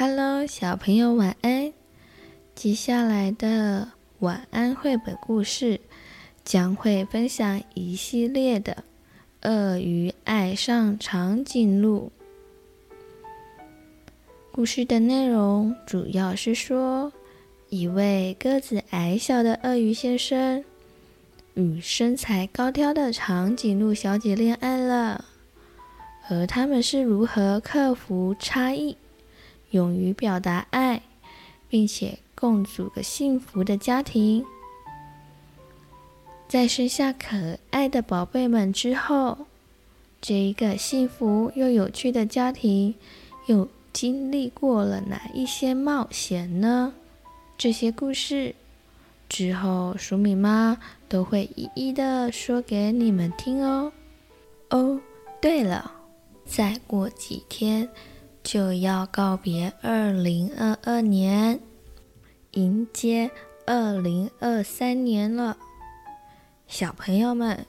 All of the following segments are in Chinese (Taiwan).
Hello，小朋友晚安。接下來的晚安繪本故事將會分享一系列的《鱷魚愛上長頸鹿》。故事的內容主要是說，一位個子矮小的鱷魚先生與身材高挑的長頸鹿小姐戀愛了，而他們是如何克服差異？勇於表達愛，並且共組個幸福的家庭，在生下可愛的寶貝們之後，這一個幸福又有趣的家庭又經歷過了哪一些冒險呢？這些故事之後，黍米媽都會一一的說給你們聽哦。哦，對了，再過幾天。就要告別二零二二年，迎接二零二三年了。小朋友們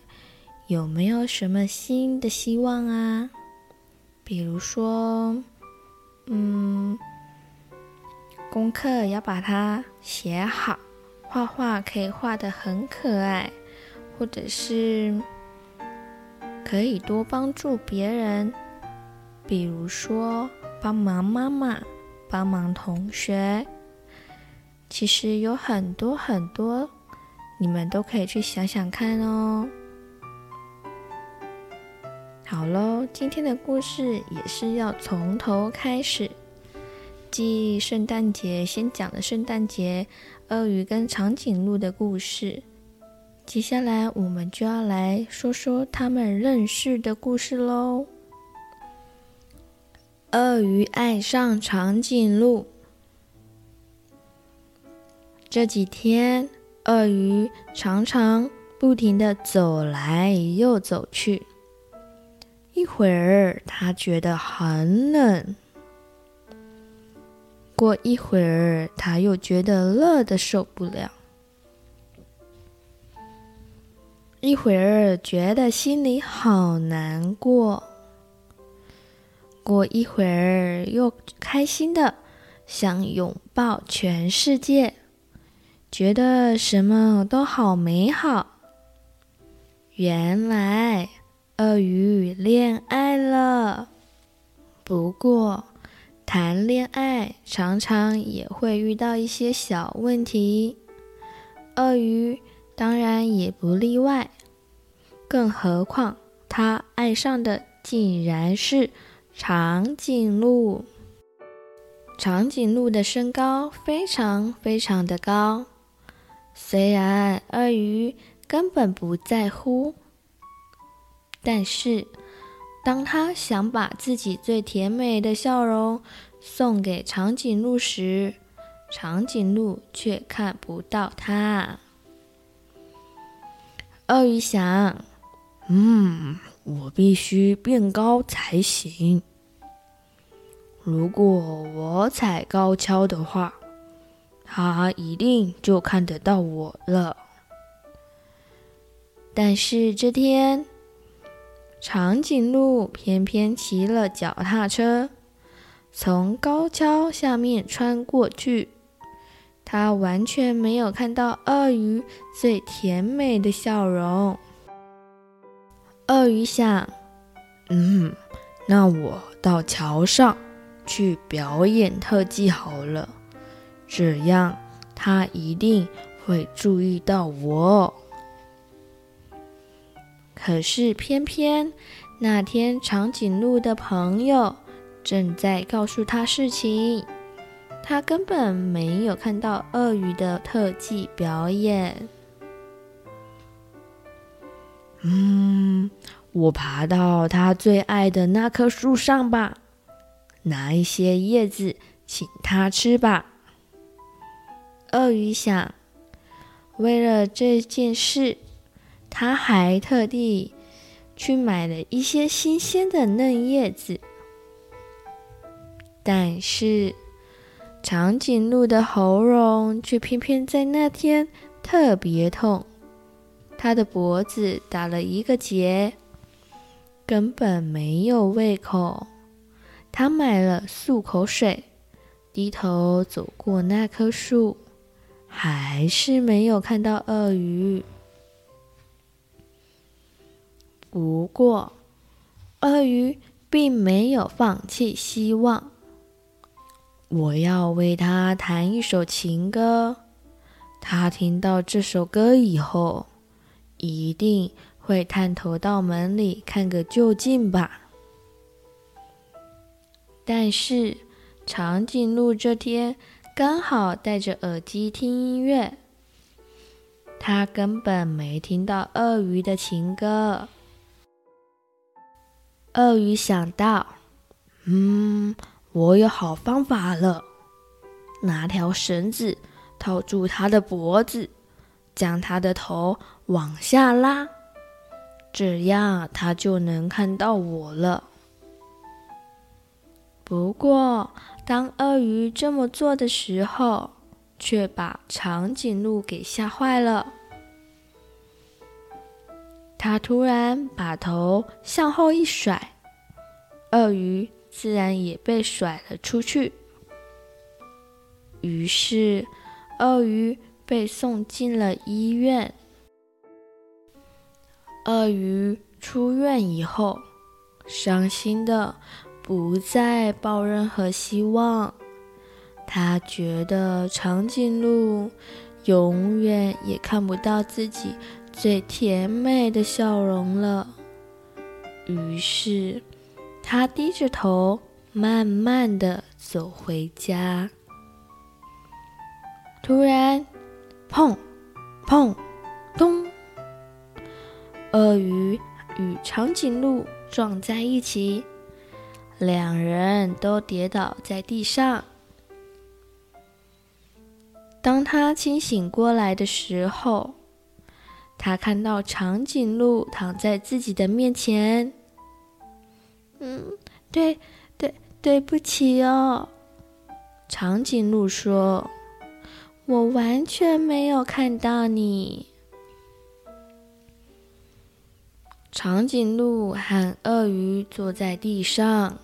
有沒有什麼新的希望啊？比如說，嗯，功課要把它寫好，畫畫可以畫得很可愛，或者是可以多幫助別人。比如說，幫忙媽媽，幫忙同學。其實有很多很多，你們都可以去想想看哦。好嘍，今天的故事也是要從頭開始，繼聖誕節，先講了聖誕節，鱷魚跟長頸鹿的故事。接下來我們就要來說說他們認識的故事嘍。鱷魚愛上長頸鹿。這幾天，鱷魚常常不停的走來又走去。一會兒，它覺得很冷；過一會兒，它又覺得熱的受不了；一會兒，覺得心裡好難過。過一會兒又開心的想擁抱全世界，覺得什麼都好美好。原來鱷魚戀愛了，不過談戀愛常常也會遇到一些小問題，鱷魚當然也不例外。更何況他愛上的竟然是。長頸鹿，長頸鹿的身高非常非常的高。雖然鱷魚根本不在乎，但是當他想把自己最甜美的笑容送給長頸鹿時，長頸鹿卻看不到他。鱷魚想：“嗯，我必須變高才行。”如果我踩高蹺的話，他一定就看得到我了。但是這天，長頸鹿偏偏騎了腳踏車，從高蹺下面穿過去，他完全沒有看到鱷魚最甜美的笑容。鱷魚想：“嗯，那我到橋上。”去表演特技好了，這樣他一定會注意到我。可是偏偏那天長頸鹿的朋友正在告訴他事情，他根本沒有看到鱷魚的特技表演。嗯，我爬到他最愛的那棵樹上吧。拿一些葉子請它吃吧。鱷魚想，為了這件事，它還特地去買了一些新鮮的嫩葉子。但是長頸鹿的喉嚨卻偏偏在那天特別痛，它的脖子打了一個結，根本沒有胃口。他買了漱口水，低頭走過那棵樹，還是沒有看到鱷魚。不過，鱷魚並沒有放棄希望。我要為他彈一首情歌，他聽到這首歌以後，一定會探頭到門裡看個究竟吧。但是，長頸鹿這天剛好戴着耳機聽音樂，它根本沒聽到鱷魚的情歌。鱷魚想到：“嗯，我有好方法了，拿條繩子套住它的脖子，將它的頭往下拉，這樣它就能看到我了。”不過，當鱷魚這麼做的時候，卻把長頸鹿給嚇壞了。牠突然把頭向後一甩，鱷魚自然也被甩了出去。於是，鱷魚被送進了醫院。鱷魚出院以後，傷心的。不再抱任何希望，他覺得長頸鹿永遠也看不到自己最甜美的笑容了。於是，他低着頭，慢慢地走回家。突然，砰，砰，咚！鱷魚與長頸鹿撞在一起。兩人都跌倒在地上。當他清醒過來的時候，他看到長頸鹿躺在自己的面前。嗯，對，對，對不起哦。長頸鹿說：“我完全沒有看到你。”長頸鹿和鱷魚坐在地上。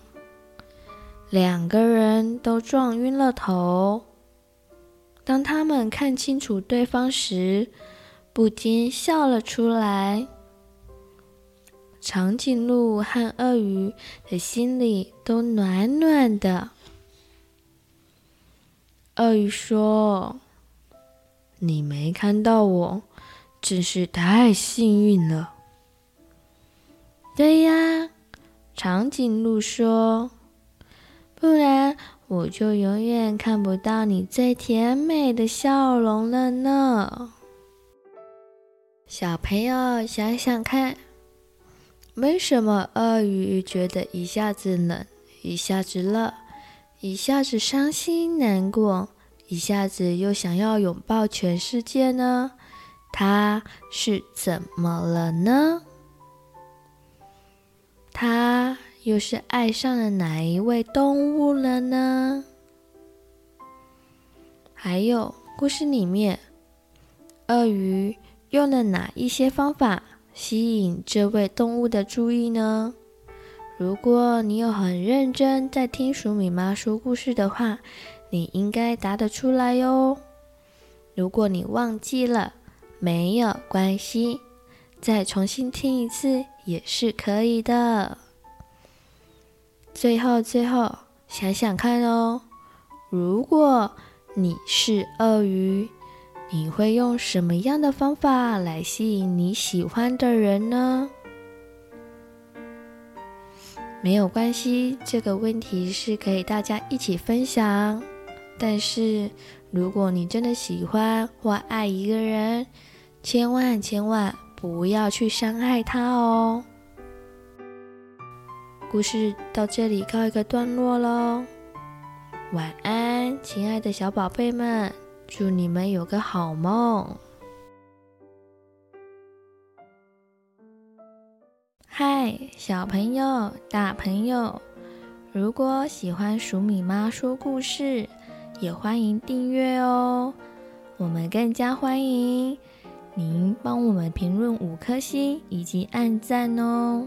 兩個人都撞暈了頭。當他們看清楚對方時，不禁笑了出來。長頸鹿和鱷魚的心裡都暖暖的。鱷魚說：“你沒看到我，真是太幸運了。”對呀，長頸鹿說。不然我就永遠看不到你最甜美的笑容了呢。小朋友，想想看，為什麼鱷魚覺得一下子冷，一下子熱，一下子傷心難過，一下子又想要擁抱全世界呢？它是怎麼了呢？它。又是愛上了哪一位動物了呢？還有，故事裡面，鱷魚用了哪一些方法吸引這位動物的注意呢？如果你有很認真在聽黍米媽說故事的話，你應該答得出來喲、哦。如果你忘記了，沒有關係，再重新聽一次也是可以的。最後，最後，想想看哦，如果你是鱷魚，你會用什麼樣的方法來吸引你喜歡的人呢？沒有關係，這個問題是可以大家一起分享。但是，如果你真的喜歡或愛一個人，千萬千萬不要去傷害他哦。故事到這裡告一個段落嘍。晚安，親愛的小寶貝們，祝你們有個好夢。嗨，小朋友、大朋友，如果喜歡黍米媽說故事，也歡迎訂閱哦。我們更加歡迎您幫我們評論五顆星以及按讚哦。